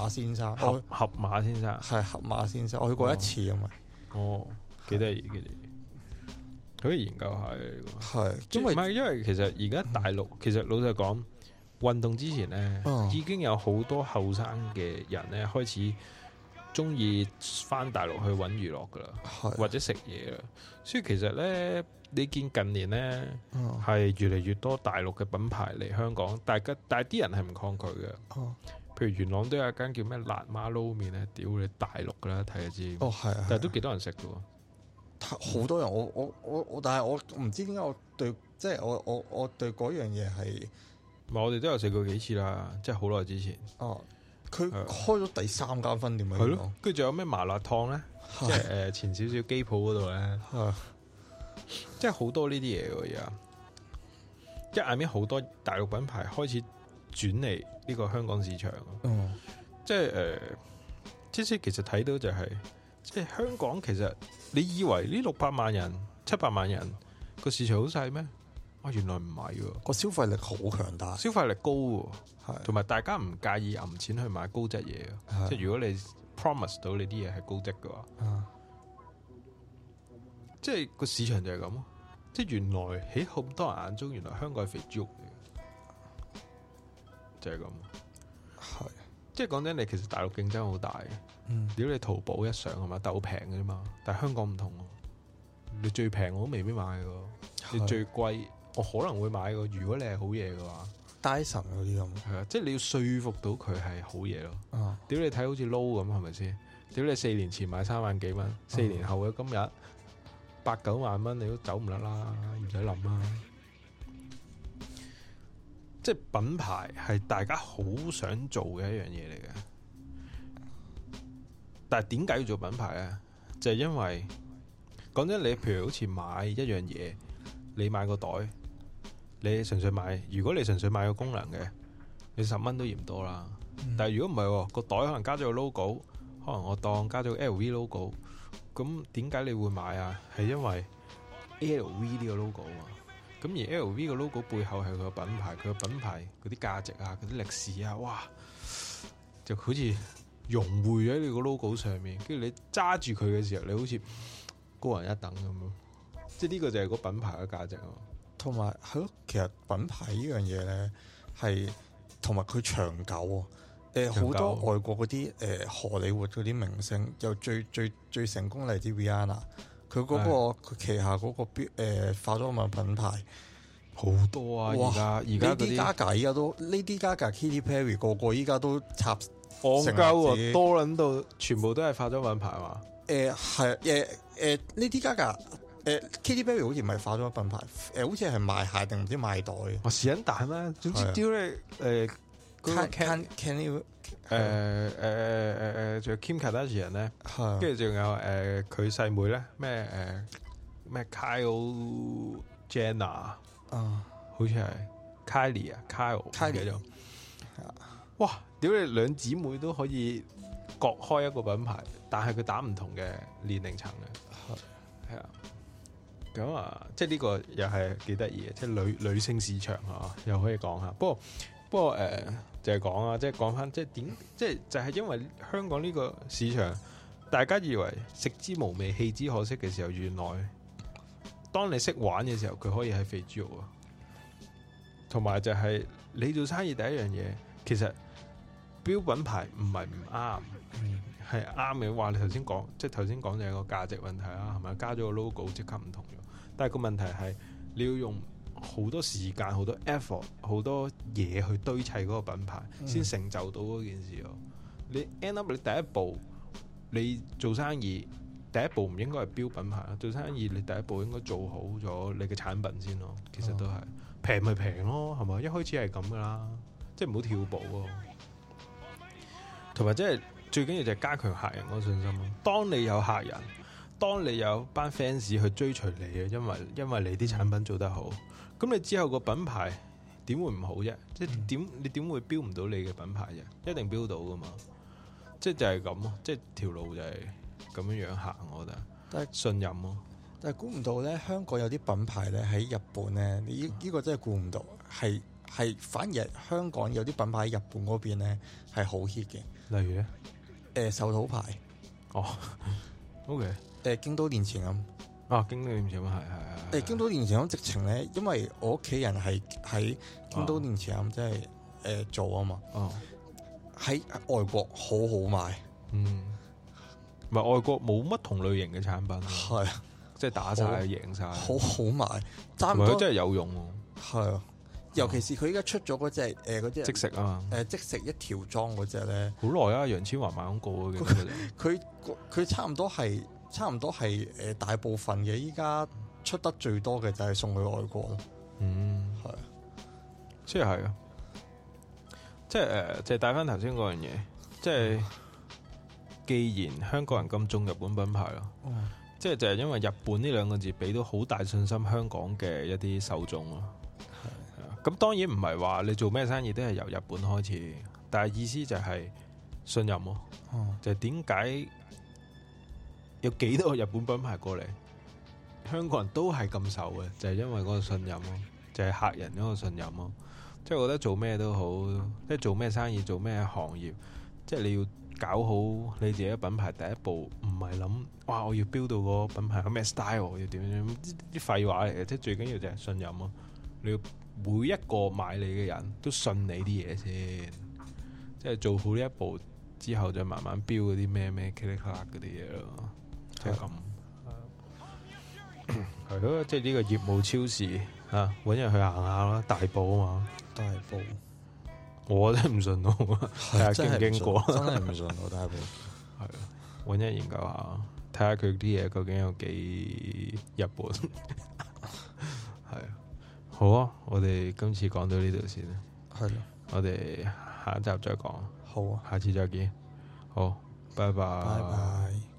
先生，盒合馬先生，盒盒我馬先生係盒馬先生，我去過一次啊嘛，哦，幾得意，幾得意，可以研究下嘅，係、這個，是因為唔係因為其實而家大陸其實老實講，運動之前咧，嗯、已經有好多後生嘅人咧開始。中意翻大陸去揾娛樂噶啦，的或者食嘢啦，所以其實咧，你見近年咧係、哦、越嚟越多大陸嘅品牌嚟香港，大家但係啲人係唔抗拒嘅。哦，譬如元朗都有一間叫咩辣媽撈麵咧，屌你大陸噶啦，睇下知。哦，係，但係都幾多人食噶喎？好、哦、多人，我我我我，但係我唔知點解我對，即係我我我對嗰樣嘢係，唔係、嗯、我哋都有食過幾次啦，即係好耐之前。哦。佢開咗第三間分店咪咯，佢仲有咩麻辣燙咧？即係誒前少少機鋪嗰度咧，即係好多呢啲嘢喎而家，即係 I mean 好多大陸品牌開始轉嚟呢個香港市場咯、嗯呃。即係誒、就是，即使其實睇到就係，即係香港其實你以為呢六百萬人、七百萬人個市場好細咩？我原來唔係喎，個消費力好強大，消費力高喎，同埋大家唔介意揞錢去買高質嘢，即係如果你 promise 到你啲嘢係高質嘅話，即係個市場就係咁，即係原來喺好多人眼中，原來香港係肥豬肉嚟嘅，就係咁，係即係講真，你其實大陸競爭好大嘅，屌你淘寶一上係嘛，得好平嘅啫嘛，但係香港唔同喎，你最平我都未必買喎，你最貴。我可能會買個，如果你係好嘢嘅話，Dyson 嗰啲咁，係啊，即係你要說服到佢係好嘢咯。啊、uh！屌、huh. 你睇好似 low 咁，係咪先？屌你四年前買三萬幾蚊，uh huh. 四年後嘅今日八九萬蚊，你都走唔甩啦，唔使諗啦。Huh. 啊、即係品牌係大家好想做嘅一樣嘢嚟嘅。但係點解要做品牌呢？就係、係、因為講真，你譬如好似買一樣嘢，你買個袋。你純粹買，如果你純粹買個功能嘅，你十蚊都嫌多啦。但係如果唔係，個袋可能加咗個 logo，可能我當加咗個 LV logo。咁點解你會買啊？係因為 LV 呢個 logo 啊嘛。咁而 LV 嘅 logo 背後係佢個品牌，佢個品牌嗰啲價值啊，嗰啲歷史啊，哇，就好似融匯喺你個 logo 上面。跟住你揸住佢嘅時候，你好似高人一等咁咯。即係呢個就係個品牌嘅價值啊。同埋係咯，其實品牌呢樣嘢咧，係同埋佢長久。誒好多外國嗰啲誒荷里活嗰啲明星，又最最最成功嚟啲 Viana 佢嗰個佢旗下嗰個化妝品品牌好多啊！而家而家啲 Gaga 而家都，Lady Gaga、Katy Perry 個個而家都插，食膠多撚到，全部都係化妝品牌嘛？誒係誒誒，Lady Gaga。誒 Kitty Baby 好似唔係化妝品牌，誒好似係賣鞋定唔知賣袋。我時隱帶咩？總之，屌你誒 Can c n n i 仲有 Kim Kardashian 咧，跟住仲有誒佢細妹咧，咩誒咩 Kylie Jenner 啊，好似係 Kyle 啊 Kyle Kyle 哇！屌你兩姊妹都可以各開一個品牌，但係佢打唔同嘅年齡層嘅係啊。咁啊、這個，即係呢個又係幾得意嘅，即係女女性市場吓、啊，又可以講下。不過不過誒、呃，就係、是、講啊，即、就、係、是、講翻，即係點，即係就係、是、因為香港呢個市場，大家以為食之無味棄之可惜嘅時候，原來當你識玩嘅時候，佢可以係肥豬肉啊。同埋就係你做生意第一樣嘢，其實標品牌唔係唔啱，係啱嘅。話你頭先講，即係頭先講就係個價值問題啦，係咪？加咗個 logo 即刻唔同咗。但係個問題係，你要用好多時間、好多 effort、好多嘢去堆砌嗰個品牌，先成就到嗰件事咯。嗯、你 end up，你第一步，你做生意第一步唔應該係標品牌啊。做生意你第一步應該做好咗你嘅產品先咯。其實都係平咪平咯，係咪？一開始係咁噶啦，即係唔好跳步咯。同埋即係最緊要就係加強客人嗰個信心咯。當你有客人。當你有班 fans 去追隨你嘅，因為因為你啲產品做得好，咁你之後個品牌點會唔好啫？即係點你點會標唔到你嘅品牌啫？一定標到㗎嘛？即係就係咁咯，即係條路就係咁樣樣行，我覺得都係信任咯、啊。但係估唔到咧，香港有啲品牌咧喺日本咧，呢呢個真係估唔到，係係反而香港有啲品牌喺日本嗰邊咧係好 hit 嘅。例如咧，誒壽桃牌哦、oh，OK。誒，京都年前咁，啊，京都年前啊，係係。誒，京多年前咁，直情咧，因為我屋企人係喺京都年前咁，即係誒做啊嘛。哦，喺外國好好賣，嗯，唔係外國冇乜同類型嘅產品，係啊，即係打晒贏晒，好好賣，差唔多真係有用。係啊，尤其是佢依家出咗嗰隻誒，嗰隻即食啊，誒，即食一條裝嗰隻咧，好耐啊，楊千嬅買咁過嘅。佢佢差唔多係。差唔多係誒，大部分嘅依家出得最多嘅就係送去外國咯。嗯，係是、呃就是，即係，即係誒，就係帶翻頭先嗰樣嘢，即係既然香港人咁鍾意日本品牌咯，嗯、即係就係因為日本呢兩個字俾到好大信心香港嘅一啲受眾咯。係、嗯，咁是、嗯、當然唔係話你做咩生意都係由日本開始，但係意思就係信任咯。嗯、就係點解？有幾多個日本品牌過嚟，香港人都係咁受嘅，就係因為嗰個信任咯，就係客人嗰個信任咯。即係我覺得做咩都好，即係做咩生意，做咩行業，即係你要搞好你自己嘅品牌第一步，唔係諗哇我要 build 到個品牌有咩 style 要點點啲廢話嚟嘅，即係最緊要就係信任咯。你要每一個買你嘅人都信你啲嘢先，即係做好呢一步之後，再慢慢 build 嗰啲咩咩，嗰啲嘢咯。係咁，係咯，即係呢個業務超市啊，搵、嗯、人去行下啦，大埔啊嘛，大埔，我都唔順路喎，睇下經唔經過，真係唔順路。大埔，係啊，搵日研究一下，睇下佢啲嘢究竟有幾日本，係 啊， 好啊，我哋今次講到呢度先啦，係的我哋下一集再講，好啊，下次再見，好，拜拜，拜拜。